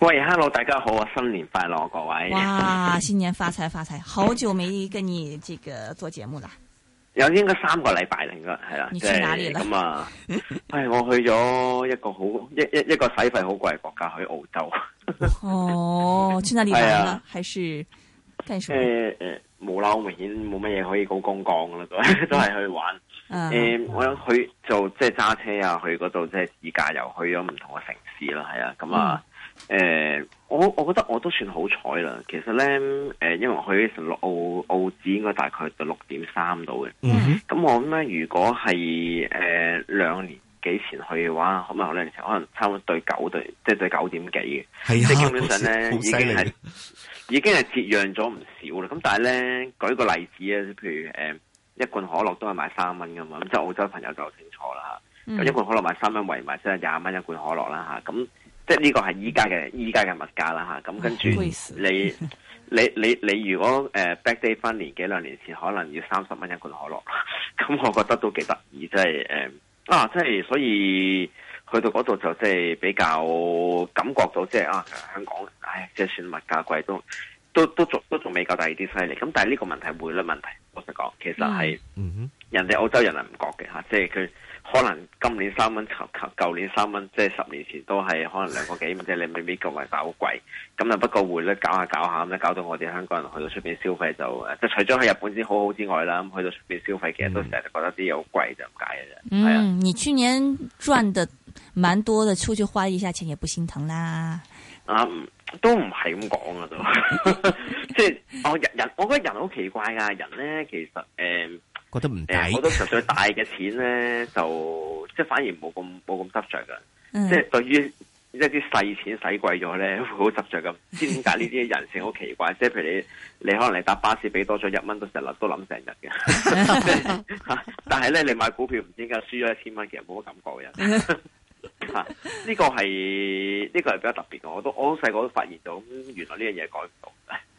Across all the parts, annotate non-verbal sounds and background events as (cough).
喂，hello，大家好啊！新年快樂，各位！哇，新年發財發財！好久未跟你這個做節目啦。有應該三個禮拜啦，應該係啦。你去哪裡啦？咁啊，唉、嗯哎，我去咗一個好一一一個使費好貴嘅國家，去澳洲。哦 (laughs) 啊，去哪裡玩啊？還是幹什麼？誒誒，冇啦，好明顯冇乜嘢可以高光光噶啦，đấy, 都係都係去玩。誒、嗯嗯，我想去就即係揸車啊，去嗰度即係自駕遊，去咗唔同嘅城市啦，係啊，咁啊、嗯。嗯嗯誒、呃，我我覺得我都算好彩啦。其實咧，誒、呃，因為我去成六澳澳紙，應該大概到六點三到嘅。咁、嗯、哼我諗咧，如果係誒兩年幾前去嘅話，可能可兩可能差唔多對九對，即、就、係、是、對九點幾嘅。係啊呀，好犀利。即係基本上咧，已經係已經係折讓咗唔少啦。咁但係咧，舉個例子啊，譬如誒、呃、一罐可樂都係賣三蚊噶嘛。咁就澳洲朋友就清楚啦。就、嗯、一罐可樂賣三蚊，圍埋即係廿蚊一罐可樂啦吓。咁、啊。啊即係呢個係依家嘅依家嘅物價啦嚇，咁、啊、跟住你 (laughs) 你你你，你如果誒、uh, back day 翻年幾兩年前，可能要三十蚊一罐可樂，咁、 (laughs) 嗯、我覺得都幾得意，即係誒啊，即係所以去到嗰度就即係比較感覺到即係啊香港，唉，即係算物價貴都都都仲都仲未夠第二啲犀利，咁但係呢個問題匯率問題，老實講其實係，嗯，家嗯哼，人哋澳洲人係唔覺嘅嚇，即係佢。可能今年三蚊，及及舊年三蚊，即係十年前都係可能兩個幾蚊，即係你未必覺埋搞貴。咁啊，不過匯率搞下搞下咁咧，搞到我哋香港人去到出邊消費就，即係除咗喺日本先好好之外啦，咁去到出邊消費其實都成日覺得啲嘢好貴就咁解嘅啫。嗯、啊，你去年賺得蠻多嘅，出去花一下錢也不心疼啦。啊，都唔係咁講嘅都 (laughs) (laughs) 即係我人，我覺得人好奇怪㗎。人咧其實誒。呃我覺得唔抵，我都實在大嘅錢咧，就即係反而冇咁冇咁執着噶，嗯、即係對於一啲細錢使貴咗咧，會好執着咁。知點解呢啲人性好奇怪？即係譬如你你可能你搭巴士俾多咗一蚊都成日都諗成日嘅， (laughs) (laughs) 但係咧你買股票唔知點解輸咗一千蚊，其實冇乜感覺嘅。吓、 (laughs) (laughs) 啊，呢、呢個係呢、呢個係比較特別嘅。我都我好細個都發現到，原來呢樣嘢改唔到。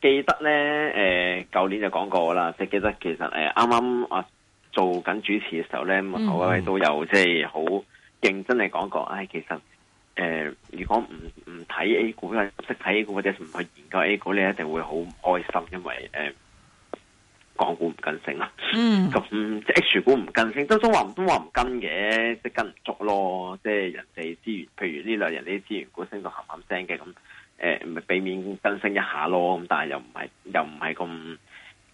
記得咧，誒，舊年就講過啦，即係記得其實誒，啱啱我做緊主持嘅時候咧，咁好位都有即係好認真地講過，唉，其實誒，如果唔唔睇 A 股咧，唔識睇 A 股或者唔去研究 A 股，你一定會好開心，因為誒，港股唔跟升啊，咁即係 H 股唔跟升，都中話唔都話唔跟嘅，即係跟唔足咯，即係人哋資源，譬如呢類人哋資源股升到冚冚聲嘅咁。誒，避免更新一下咯，咁但係又唔係又唔係咁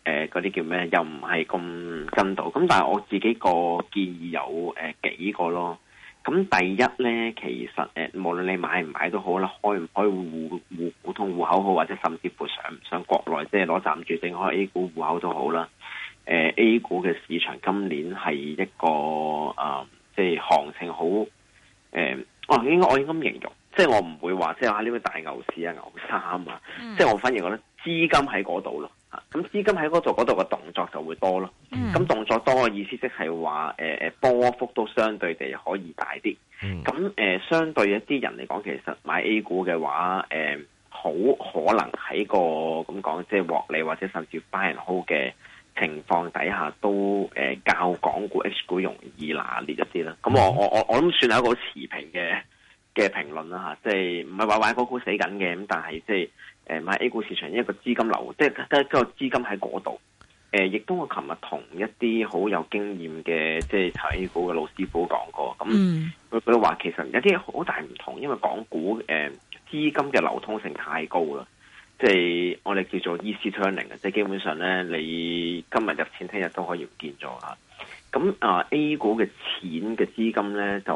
誒，嗰啲叫咩？又唔係咁跟到，咁但係我自己個建議有誒、呃、幾個咯。咁第一咧，其實誒、呃，無論你買唔買都好啦，開唔開戶戶普通戶口好，或者甚至乎上上國內即係攞暫住證開 A 股戶口都好啦。誒、呃、，A 股嘅市場今年係一個誒，即、呃、係、就是、行情好誒，哦、呃，應該我應該咁形容。即係我唔會話，即係話呢個大牛市啊牛三啊，mm. 即係我反而覺得資金喺嗰度咯，咁資金喺嗰度嗰度嘅動作就會多咯。咁、mm. 動作多嘅意思即係話，誒、呃、誒波幅都相對地可以大啲。咁誒、mm. 呃、相對一啲人嚟講，其實買 A 股嘅話，誒、呃、好可能喺個咁講即係獲利或者甚至 buy and hold 嘅情況底下，都誒、呃、較港股 H 股容易拿捏一啲啦。咁我、mm. 我我我都算係一個持平嘅。嘅評論啦嚇，即係唔係話買嗰股，股死緊嘅，咁但係即係誒買 A 股市場一個資金流，即係個資金喺嗰度。誒、呃，亦都我琴日同一啲好有經驗嘅即係睇股嘅老師傅講過，咁佢佢話其實有啲好大唔同，因為港股誒、呃、資金嘅流通性太高啦，即係我哋叫做 easy turning 啊，即係基本上咧，你今日入錢，聽日都可以唔見咗。嚇。咁啊，A 股嘅錢嘅資金咧，就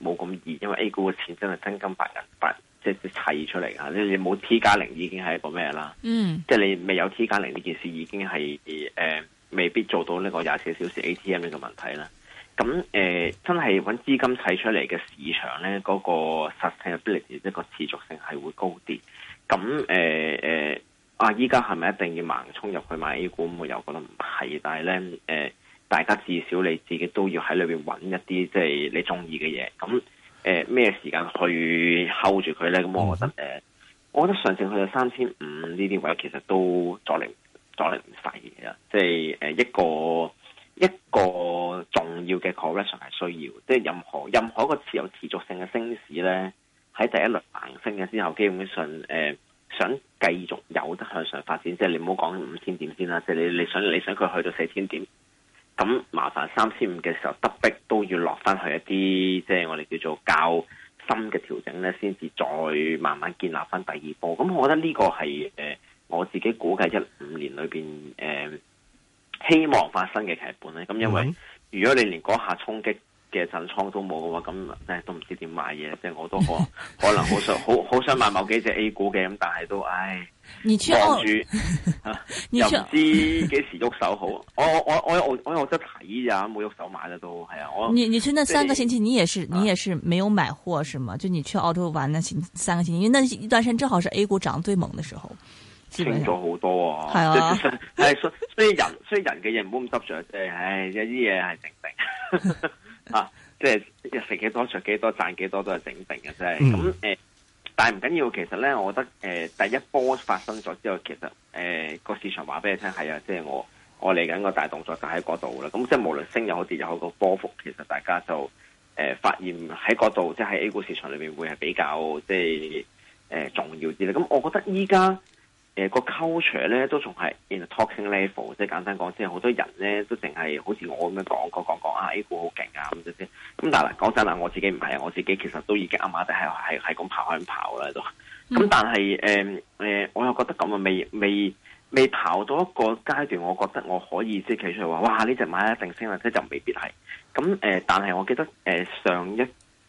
冇咁易，因為 A 股嘅錢真係真金白銀，白即係、就是就是、砌出嚟啊！你你冇 T 加零已經係一個咩啦？嗯，即係你未有 T 加零呢件事，已經係誒、呃、未必做到呢個廿四小時 ATM 呢個問題啦。咁誒、呃，真係揾資金砌出嚟嘅市場咧，嗰、那個實體嘅力量嘅一個持續性係會高啲。咁誒誒，啊依家係咪一定要盲衝入去買 A 股？我又覺得唔係，但係咧誒。呃大家至少你自己都要喺裏邊揾一啲即係你中意嘅嘢。咁誒咩時間去 hold 住佢咧？咁、嗯、我覺得誒、呃，我覺得上證去到三千五呢啲位其實都阻力阻力唔細嘅。即係誒、呃、一個一個重要嘅 correction 係需要。即係任何任何一個持有持續性嘅升市咧，喺第一輪行升嘅之後，基本上誒、呃、想繼續有得向上發展，即係你唔好講五千點先啦，即、就、係、是、你你想你想佢去到四千點。咁麻煩三千五嘅時候，得逼都要落翻去一啲，即係我哋叫做較深嘅調整呢，先至再慢慢建立翻第二波。咁我覺得呢個係誒、呃、我自己估計一五年裏邊誒希望發生嘅劇本咧。咁因為如果你連嗰下衝擊，嘅震倉都冇嘅話，咁誒都唔知點買嘢。即係我都可可能好想好好想買某幾隻 A 股嘅，咁但係都唉望住又唔知幾時喐手好。我我我我我我，我得睇咋、啊，冇喐手買嘅都係啊。我你你去那三個星期，你也是你也是沒有買貨是嗎？就你去澳洲玩那三個星期，因為那一段時間正好是 A 股漲最猛的時候，是是清咗好多啊。係啊，係所所以人所以人嘅嘢唔好咁執着。誒，唉，一啲嘢係定定。 (laughs) 啊，即係食幾多、着幾多、賺幾多都係整定嘅啫。咁誒，但係唔緊要。其實咧，我覺得誒，第一波發生咗之後，其實誒個市場話俾你聽係啊，即係我我嚟緊個大動作就喺嗰度啦。咁即係無論升又好，跌又好個波幅，其實大家就誒發現喺嗰度，即係喺 A 股市場裏面會係比較即係誒重要啲咧。咁我覺得依家。誒，呃，那個 culture 咧都仲係，in talking level，即係簡單講，即係好多人咧都淨係好似我咁樣講講講講啊，A 股好勁啊咁啫先。咁，哎這個，但係講真啦，我自己唔係，我自己其實都已經啱啱地係係係咁跑向跑啦都。咁但係誒誒，我又覺得咁啊，未未未跑到一個階段，我覺得我可以即企出嚟話，哇！呢隻馬一定升啦，即就未必係。咁誒，但係、呃、我記得誒、呃、上一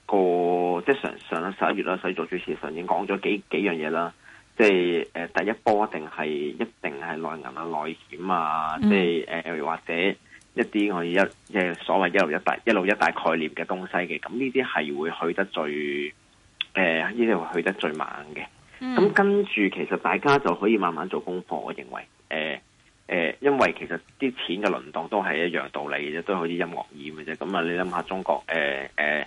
個即係上上十一月啦，所以做主持上已經講咗幾幾樣嘢啦。即係誒，第一波一定係一定係內銀啊、內險啊，即係誒，或者一啲我以一即係所謂一路一帶一路一帶概念嘅東西嘅，咁呢啲係會去得最誒，呢啲會去得最猛嘅。咁跟住其實大家就可以慢慢做功課。我認為誒誒、呃呃，因為其實啲錢嘅輪動都係一樣道理嘅啫，都好似音樂耳嘅啫。咁啊，你諗下中國誒誒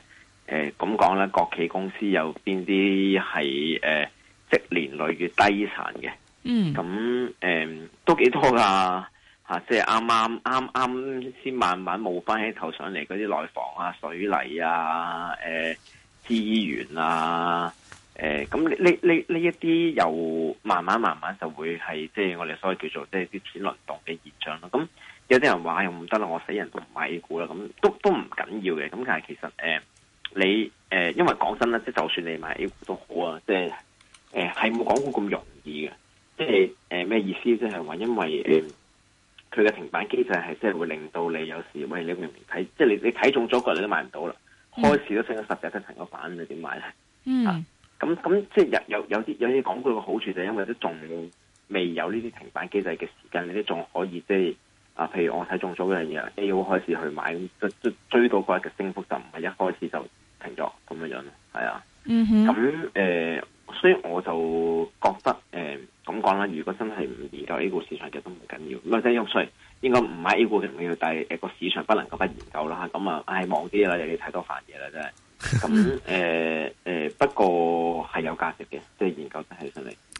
誒咁講咧，國企公司有邊啲係誒？呃年累月低層嘅，咁誒、嗯嗯、都幾多噶吓，即係啱啱啱啱先慢慢冒翻起頭上嚟嗰啲內房啊、水泥啊、誒、呃、資源啊，誒咁呢呢呢一啲又慢慢慢慢就會係即係我哋所謂叫做即係啲錢輪動嘅現象咯。咁、嗯、有啲人話又唔得啦，我死人都唔買 A 股啦。咁、嗯、都都唔緊要嘅。咁但係其實誒、呃、你誒、呃，因為講真啦，即係就算你買 A 股都好啊，即係。誒，係冇港股咁容易嘅，即係誒咩意思？即係話，因為誒佢嘅停板機制係即係會令到你有時喂，你明明睇即係你你睇中咗個，你都買唔到啦。開始都升咗十日，都停咗板，你點買咧？嗯，咁咁、啊、即係有有有啲有啲港股嘅好處就係因為都仲未有呢啲停板機制嘅時間，你都仲可以即係啊，譬如我睇中咗一樣嘢，A 股開始去買，追追最多嗰日嘅升幅就唔係一開始就停咗咁樣樣咯，係啊。咁誒、嗯哼。所以我就覺得，誒咁講啦，如果真係唔研究 A 股市場，其實都唔緊要。唔係真係興趣，應該唔係 A 股嘅唔緊要，但係誒個市場不能夠不研究啦。咁啊，唉、哎，忙啲啦，有啲太多煩嘢啦，真係。咁誒誒，不過係有價值嘅，即、就、係、是、研究得係需要。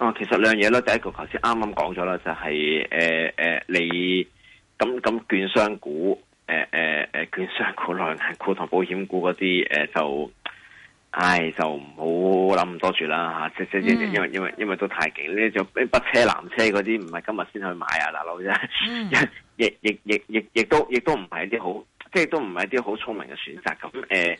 哦，其實兩嘢咯，第一個頭先啱啱講咗啦，就係誒誒，你咁咁券商股，誒誒誒，券商股內銀 (laughs) 股同保險股嗰啲，誒、呃、就，唉，就唔好諗咁多住啦嚇，因為因為因為都太勁，呢就北車南車嗰啲，唔係今日先去買啊嗱佬啫，亦亦亦亦亦都亦都唔係一啲好，即係都唔係一啲好聰明嘅選擇咁誒。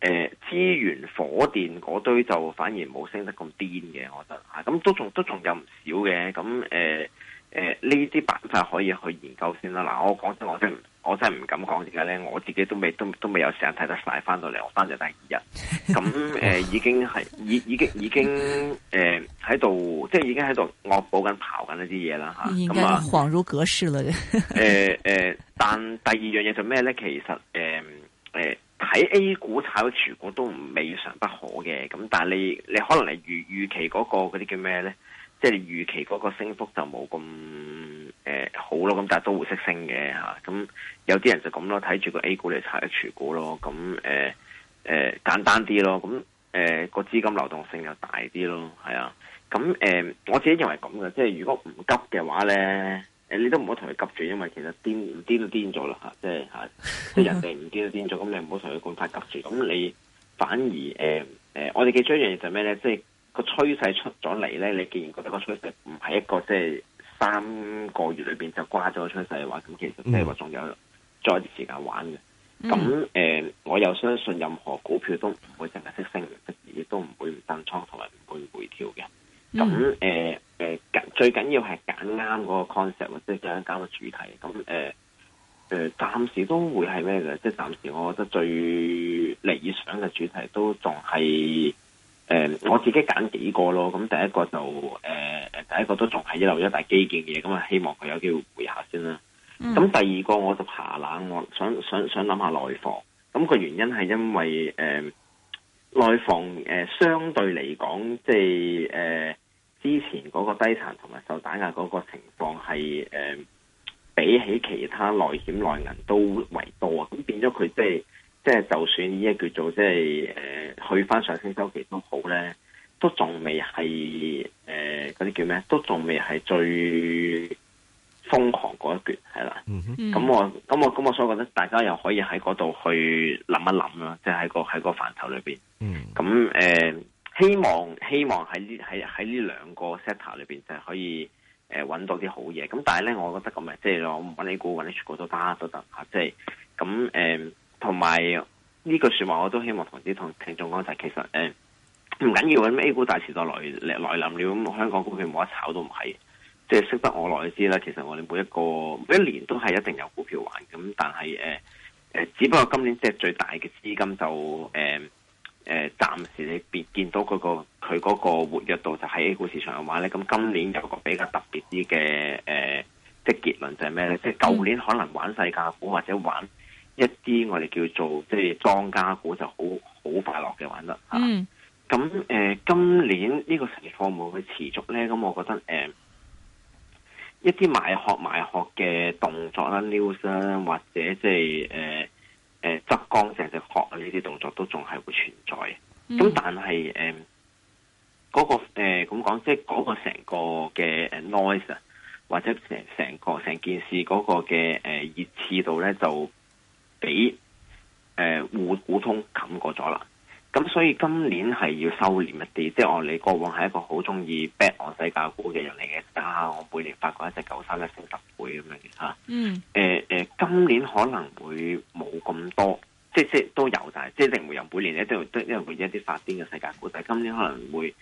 誒，資源火電嗰堆就反而冇升得咁癲嘅，我覺得吓，咁都仲都仲有唔少嘅，咁誒誒呢啲辦法，可以去研究先啦。嗱，我講真，我真我真唔敢講而家咧，我自己都未都都未有時間睇得晒翻到嚟，我翻咗第二日，咁誒已經係已已經已經誒喺度，即係已經喺度惡補緊刨緊一啲嘢啦吓。應該恍如隔世啦。誒誒，但第二樣嘢就咩咧？其實誒誒。睇 A 股炒到 H 股都未嘗不可嘅，咁但係你你可能你預預期嗰個嗰啲叫咩咧？即係你預期嗰個升幅就冇咁誒好咯，咁但係都會識升嘅吓，咁有啲人就咁咯，睇住個 A 股嚟，炒到 H 股咯，咁誒誒簡單啲咯，咁誒個資金流動性又大啲咯，係啊，咁誒我自己認為咁嘅，即係如果唔急嘅話咧。你都唔好同佢急住，因為其實癲癲都癲咗啦吓，即係吓，即、啊、係 (laughs) 人哋唔癲都癲咗，咁你唔好同佢咁快急住。咁你反而誒誒、呃呃，我哋記咗一樣嘢就係咩咧？即係個趨勢出咗嚟咧，你既然覺得個趨勢唔係一個即係三個月裏邊就掛咗個趨勢嘅話，咁其實即係話仲有再啲、mm. 時間玩嘅。咁誒、呃，我又相信任何股票都唔會淨係識升嘅，亦都唔會單倉同埋唔會回調嘅。咁誒。呃 mm. 誒，緊、呃、最緊要係揀啱嗰個 concept，即係揀啱個主題。咁誒誒，暫、呃、時都會係咩嘅？即係暫時，我覺得最理想嘅主題都仲係誒，我自己揀幾個咯。咁第一個就誒誒、呃，第一個都仲係一路一大基建嘅嘢。咁，啊，希望佢有機會回下先啦。咁、嗯、第二個我就爬冷，我想想，想想諗下內房。咁、個原因係因為誒內、呃、房誒、呃、相對嚟講，即係誒。呃之前嗰個低殘同埋受打壓嗰個情況係誒、呃，比起其他內險內銀都為多啊。咁變咗佢即係即係，就算呢一叫做即係誒、呃、去返上升周期都好咧，都仲未係誒嗰啲叫咩？都仲未係最瘋狂嗰一段係啦。咁、mm hmm. 我咁我咁我，我所以我覺得大家又可以喺嗰度去諗一諗啦，即係喺個喺個範疇裏邊。咁誒、mm。Hmm. 希望希望喺呢喺喺呢兩個 setter 裏邊就可以誒揾到啲好嘢，咁但係咧，我覺得咁咪即係我唔揾 A 股揾 H 股都得都得嚇，即係咁誒。同埋呢個説話，我都希望同啲同聽眾講就係其實誒唔緊要嘅，咁、嗯、A 股大時代來來，來臨了，咁香港股票冇得炒都唔係。即係識得我內知啦，其實我哋每一個每一年都係一定有股票玩咁，但係誒誒，只不過今年即係最大嘅資金就誒。嗯誒，暫、呃、時你見見到，那個佢嗰個活躍度就喺 A 股市場嘅話咧，咁今年有個比較特別啲嘅誒，即係結論就係咩咧？即係舊年可能玩細價股或者玩一啲我哋叫做即係莊家股就好好快樂嘅玩得吓。咁、啊、誒、嗯呃，今年呢個情況會唔會持續咧？咁我覺得誒、呃，一啲買殼買殼嘅動作啦、news 啦，或者即係誒。呃誒，側光淨隻殼啊呢啲動作都仲係會存在嘅，咁但係誒，嗰個誒，咁講即係個成個嘅誒 noise 啊，或者成成個成件事個嘅誒熱刺度咧，就比誒互股通冚過咗啦。咁、嗯、所以今年係要收斂一啲，即係我哋過往係一個好中意 back 我世界股嘅人嚟嘅，啊我每年發掘一隻九三一升十倍咁樣嘅嚇。啊、嗯，誒誒、呃呃，今年可能會冇咁多，即係即係都有，但係即係仍然會有每年咧都都因為會一啲發展嘅世界股，但係今年可能會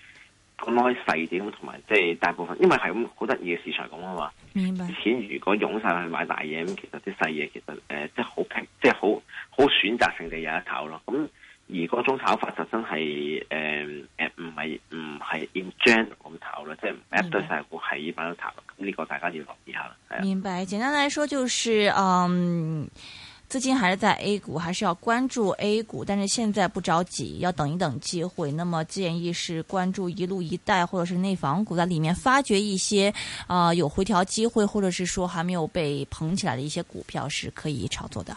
開細啲咁，同埋即係大部分，因為係咁好得意嘅市場咁啊嘛。明白。錢如果湧晒去買大嘢，咁其實啲細嘢其實誒即係好平，即係好好選擇性地有一頭咯。咁、嗯。而嗰種炒法就真係誒誒，唔係唔係 in trend 咁炒啦，即係唔係對晒股係咁炒。呢個大家要留意下啦。明白，簡單來說就是說，嗯，資金還是在 A 股，還是要關注 A 股，但是現在不着急，要等一等機會。那麼建議是關注一路一帶，或者是內房股，在裏面發掘一些啊、呃、有回調機會，或者是說還沒有被捧起來的一些股票，是可以炒作的。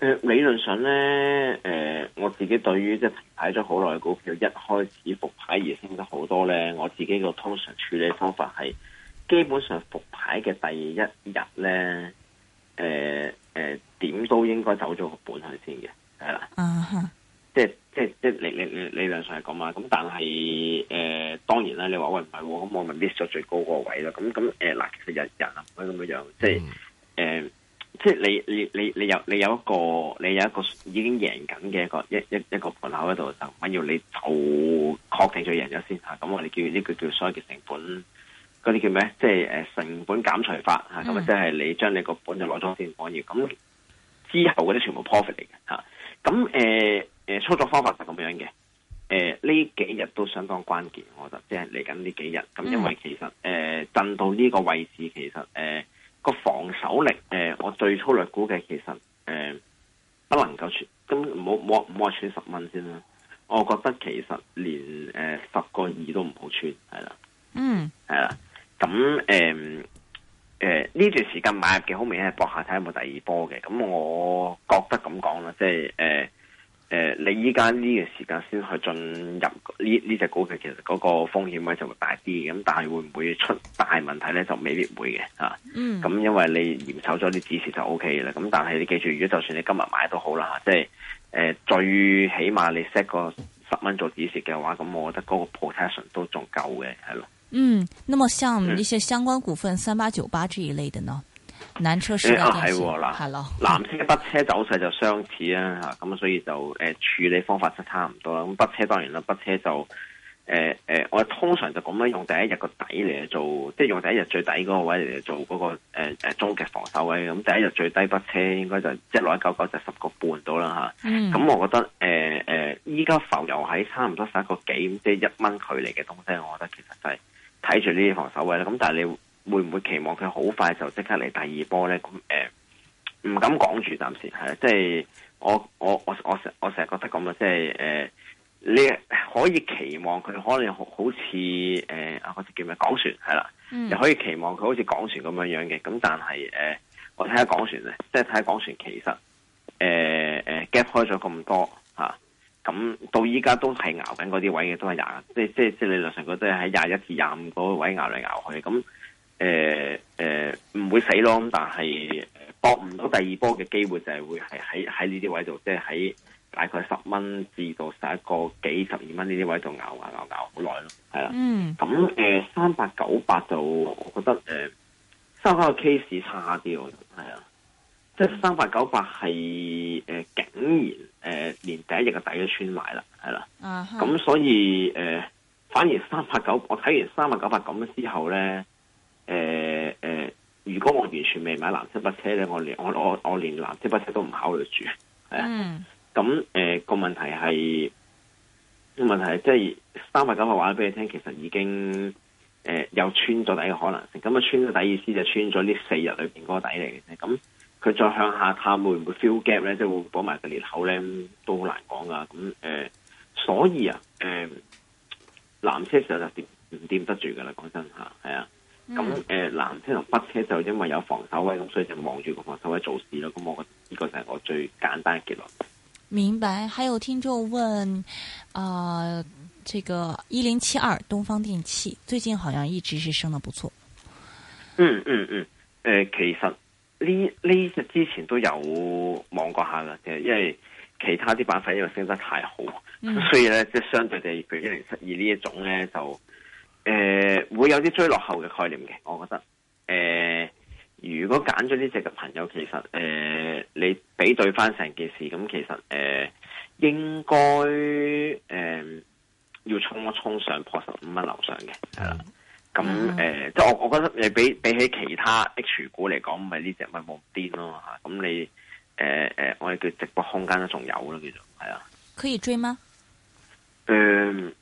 呃、理論上咧，誒、呃，我自己對於即係停牌咗好耐股票，一開始複牌而升得好多咧，我自己個通常處理方法係，基本上複牌嘅第一日咧，誒、呃、誒，點、呃、都應該走咗個本向先嘅，係啦、uh huh.，即係即係即係理理理論上係咁啊，咁但係誒、呃，當然啦，你話喂唔係，咁我咪 miss 咗最高個位咯，咁咁誒，嗱、呃、其實日日唔可以咁樣樣，即係誒。呃 mm. 即係你你你你有你有一個你有一個已經贏緊嘅一個一一一個盤口喺度，就唔緊要你確，你就確定咗贏咗先吓。咁我哋叫呢、這個叫所謂嘅成本，嗰、那、啲、個、叫咩？即係誒成本減除法吓，咁、啊、即係你將你個本就攞咗先，唔緊要。咁之後嗰啲全部 profit 嚟嘅吓。咁誒誒操作方法就咁樣嘅。誒、啊、呢幾日都相當關鍵，我覺得即係嚟緊呢幾日。咁、啊、因為其實誒震、啊、到呢個位置，其實。高略股嘅其實誒、呃，不能夠穿，咁冇冇冇穿十蚊先啦。我覺得其實連誒十、呃、個二都唔好穿，係啦，嗯、mm.，係啦。咁誒誒呢段時間買入嘅，好明顯係搏下睇有冇第二波嘅。咁我覺得咁講啦，即係誒誒，你依家呢段時間先去進入呢呢隻股嘅，這個、其實嗰個風險位就會大。啲指示就 OK 嘅啦，咁但係你記住，如果就算你今日買都好啦，即係誒最起碼你 set 個十蚊做指示嘅話，咁我覺得嗰個 protection 都仲夠嘅，係咯。嗯，那麼像一些相關股份三八九八這一類的呢？南車時代電器，係咯，南車北車走勢就相似啊，吓，咁所以就誒處理方法就差唔多啦。咁北車當然啦，北車就。誒誒、呃，我通常就咁樣，用第一日個底嚟做，即係用第一日最底嗰個位嚟做嗰、那個誒誒、呃、中嘅防守位咁、嗯嗯、第一日最低筆車應該就即係落一九九就十個半到啦吓。咁、嗯嗯、我覺得誒誒，依、呃、家浮游喺差唔多十一個幾，即係一蚊距離嘅東西，我覺得其實就係睇住呢啲防守位咧。咁、嗯、但係你會唔會期望佢好快就即刻嚟第二波咧？咁、呃、誒，唔敢講住暫時係。即係我我我我我成日覺得咁啊，即係誒呢。呃可以期望佢可能好好似誒啊好似叫咩港船係啦，又可以期望佢好似港船咁樣樣嘅。咁但係誒，我睇下港船咧，即係睇下港船其實誒誒 gap 開咗咁多嚇，咁到依家都係熬緊嗰啲位嘅，都係廿即係即係即係理論上佢都係喺廿一至廿五嗰個位熬嚟熬去。咁誒誒唔會死咯，但係搏唔到第二波嘅機會就係會係喺喺呢啲位度，即係喺。大概十蚊至到十一個幾十二蚊呢啲位度咬牙咬咬好耐咯，係啦。咁誒、嗯，三百九八就我覺得誒，三、呃、九個 case 差啲喎，係啊。即係三百九八係誒，竟然誒、呃、連第一日嘅底都穿埋啦，係啦。咁、啊、所以誒、呃，反而三百九，我睇完三百九八咁之後咧，誒、呃、誒、呃，如果我完全未買藍色巴士咧，我連我我我連藍色巴士都唔考慮住，係啊。咁誒、呃個問題係、個、問題係，即係三百九個話俾你聽，其實已經誒、呃、有穿咗底嘅可能性。咁啊穿咗底意思就穿咗呢四日裏邊嗰個底嚟嘅啫。咁佢再向下探會唔會 fill gap 咧？即係會補埋個裂口咧，都好難講啊。咁誒、呃，所以啊誒、呃，南車時候就掂唔掂得住噶啦。講真嚇，係啊。咁誒、呃、南車同北車就因為有防守位，咁所以就望住個防守位做事咯。咁我覺得呢個就係我最簡單嘅結論。明白，還有聽眾問，啊、呃，這個一零七二東方電器最近好像一直是升得不錯、嗯。嗯嗯嗯，誒、呃，其實呢呢之前都有望過下嘅，因為其他啲板塊因為升得太好，嗯、所以咧即係相對地，譬如一零七二呢一種咧就誒、呃、會有啲追落後嘅概念嘅，我覺得誒。呃如果揀咗呢隻嘅朋友，其實誒、呃，你比對翻，成件事，咁其實誒、呃，應該誒、呃、要衝一衝上破十五蚊樓上嘅，係啦。咁誒、嗯嗯呃，即係我我覺得你比比起其他 H 股嚟講，咪呢隻咪冇癲咯吓。咁、啊嗯、你誒誒、呃呃，我哋叫直播空間都仲有咯，叫做係啊。可以追嗎？嗯、呃。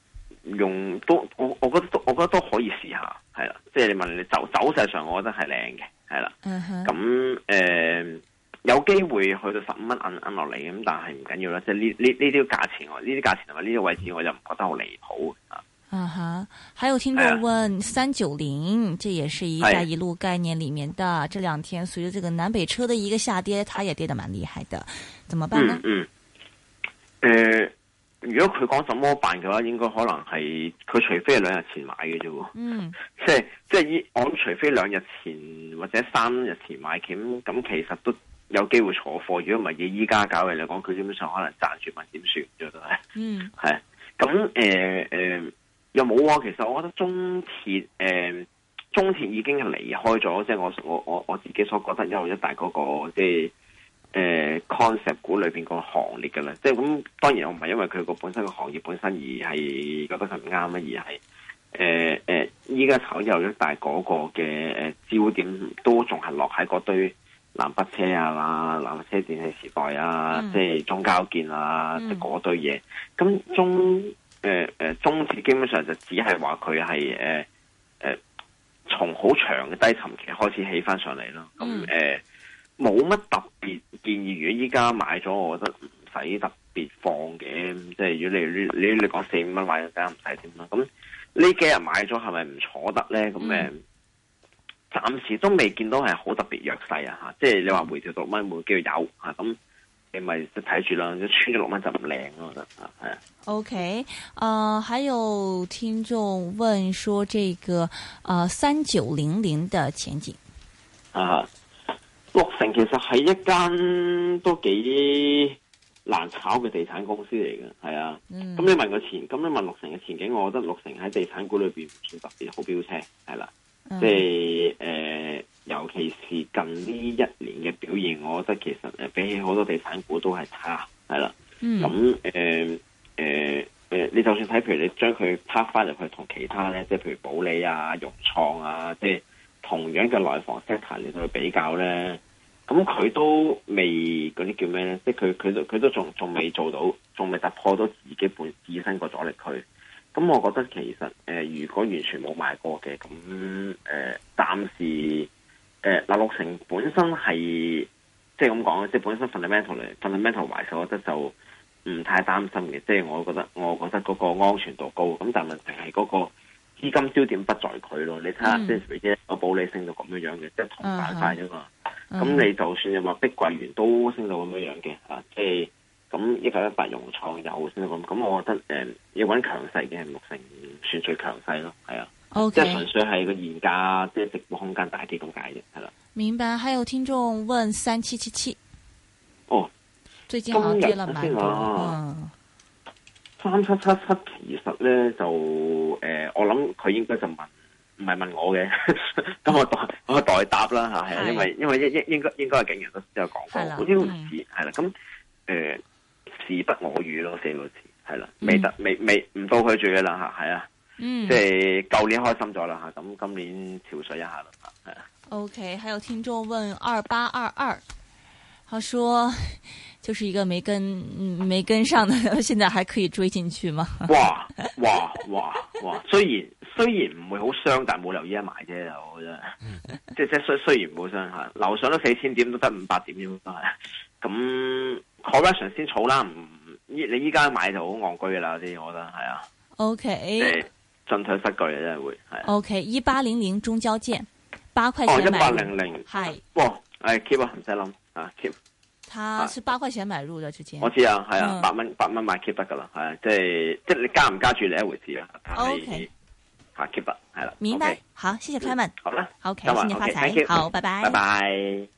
用都我我覺得都我覺得都可以試下，係啦，即係你問你走走勢上，我覺得係靚嘅，係啦。咁誒、uh huh. 呃，有機會去到十五蚊揞揞落嚟，咁，但係唔緊要啦。即係呢呢呢啲價錢，呢啲價錢同埋呢個位置，我就唔覺得好離譜啊。嗯、uh huh. 還有聽眾問三九零，這也是一帶一路概念裏面的。的這兩天隨着這個南北車的一個下跌，它也跌得蠻厲害的，怎麼辦呢？嗯。誒、嗯。呃如果佢講怎麼辦嘅話，應該可能係佢除非係兩日前買嘅啫喎，嗯，即係即係依我諗除非兩日前或者三日前買，咁咁其實都有機會坐貨。如果唔係以依家搞嘅嚟講，佢基本上可能賺住咪點算啫都係，嗯，係。 (laughs) 咁誒誒，又冇啊。其實我覺得中鐵誒、呃、中鐵已經係離開咗，即、就、係、是、我我我我自己所覺得有一帶一路嗰、那個即係。誒，concept 股裏邊個行列嘅啦，即係咁，當然我唔係因為佢個本身個行業本身而係覺得佢唔啱啊，而係誒誒，依家炒右一大嗰個嘅誒、呃、焦點都仲係落喺嗰堆南北車啊、啦、啊、南北車、電器時代啊，即係、嗯、中交建啊，即嗰、嗯、堆嘢。咁、嗯嗯、中誒誒、呃，中字基本上就只係話佢係誒誒，從、呃、好、呃、長嘅低沉期開始起返上嚟咯。咁誒、嗯。嗯呃冇乜特別建議，如果依家買咗，我覺得唔使特別放嘅，即係如果你你你講四五蚊買梗係唔使添啦。咁呢幾日買咗係咪唔坐得咧？咁誒，嗯、暫時都未見到係好特別弱勢啊吓，即係你話回調六蚊會會有吓咁，啊、你咪睇住啦，穿咗六蚊就唔靚咯，我覺得係啊。OK，誒、呃，還有聽眾問說，這個誒三九零零的前景啊。六成其實係一間都幾難炒嘅地產公司嚟嘅，係啊。咁、嗯、你問個前，咁你問六成嘅前景，我覺得六成喺地產股裏邊唔算特別好標青，係啦。嗯、即係誒、呃，尤其是近呢一年嘅表現，我覺得其實誒比起好多地產股都係差，係啦。咁誒誒誒，你就算睇譬如你將佢拋翻入去同其他咧，即係譬如保利啊、融創啊，即係。同樣嘅內房 sector 嚟去比較咧，咁佢都未嗰啲叫咩咧？即係佢佢都佢都仲仲未做到，仲未突破到自己本自身個阻力區。咁我覺得其實誒、呃，如果完全冇買過嘅，咁誒、呃、暫時誒，劉、呃、六成本身係即係咁講，即係本身 fundamental 嚟 fundamental 維持，我覺得就唔太擔心嘅。即係我覺得我覺得嗰個安全度高。咁但係問題係嗰個。資金焦點不在佢咯，你睇下即係佢呢個、嗯、保利升到咁樣樣嘅，即係同板塊啫嘛。咁、啊嗯、你就算你話碧桂園都升到咁樣樣嘅，啊，即係咁一九一八融創又升到咁。咁我覺得誒、呃，要揾強勢嘅係目前算最強勢咯，係啊，即係 Okay. 純粹係個現價即係值博空間大啲咁解嘅，係啦、啊。明白，還有聽眾問三七七七。哦，最近好跌啦，嗯三七七七其實咧就誒、呃，我諗佢應該就問，唔係問我嘅，咁我代我代答啦吓，係的因為因為應該應應該應該係警員都有講過，的好似都唔知啦，咁誒事不我語咯，四個字，係、嗯、啦、嗯，未得未未唔到佢住嘅啦吓，係啊，即係舊年開心咗啦吓，咁今年憔悴一下啦，係啊。OK，還有聽眾問二八二二，好說。就是一個沒跟沒跟上的，現在還可以追進去嗎？哇哇哇哇！雖然雖然唔會好傷，但冇留意一埋啫，我覺得，即係雖雖然唔會傷吓，樓上都四千點都得五百點咁都係，咁 correction 先坐啦，依你依家買就好戇居噶啦啲，我覺得係啊。OK，即進退失據啊，真係會係。OK，一八零零中交建八塊錢哦，一八零零係，哇，係 keep 啊，唔使諗啊，keep。他是八塊錢買入的，之前，我知啊，係啊、嗯，八蚊八蚊買 keep 得㗎啦，係即係即係你加唔加住另一回事啦，但 k Okay .吓、啊、keep 得係啦，明白 okay, thank 好，謝謝客們，好啦，好嘅，新年發財，好，拜拜，拜拜。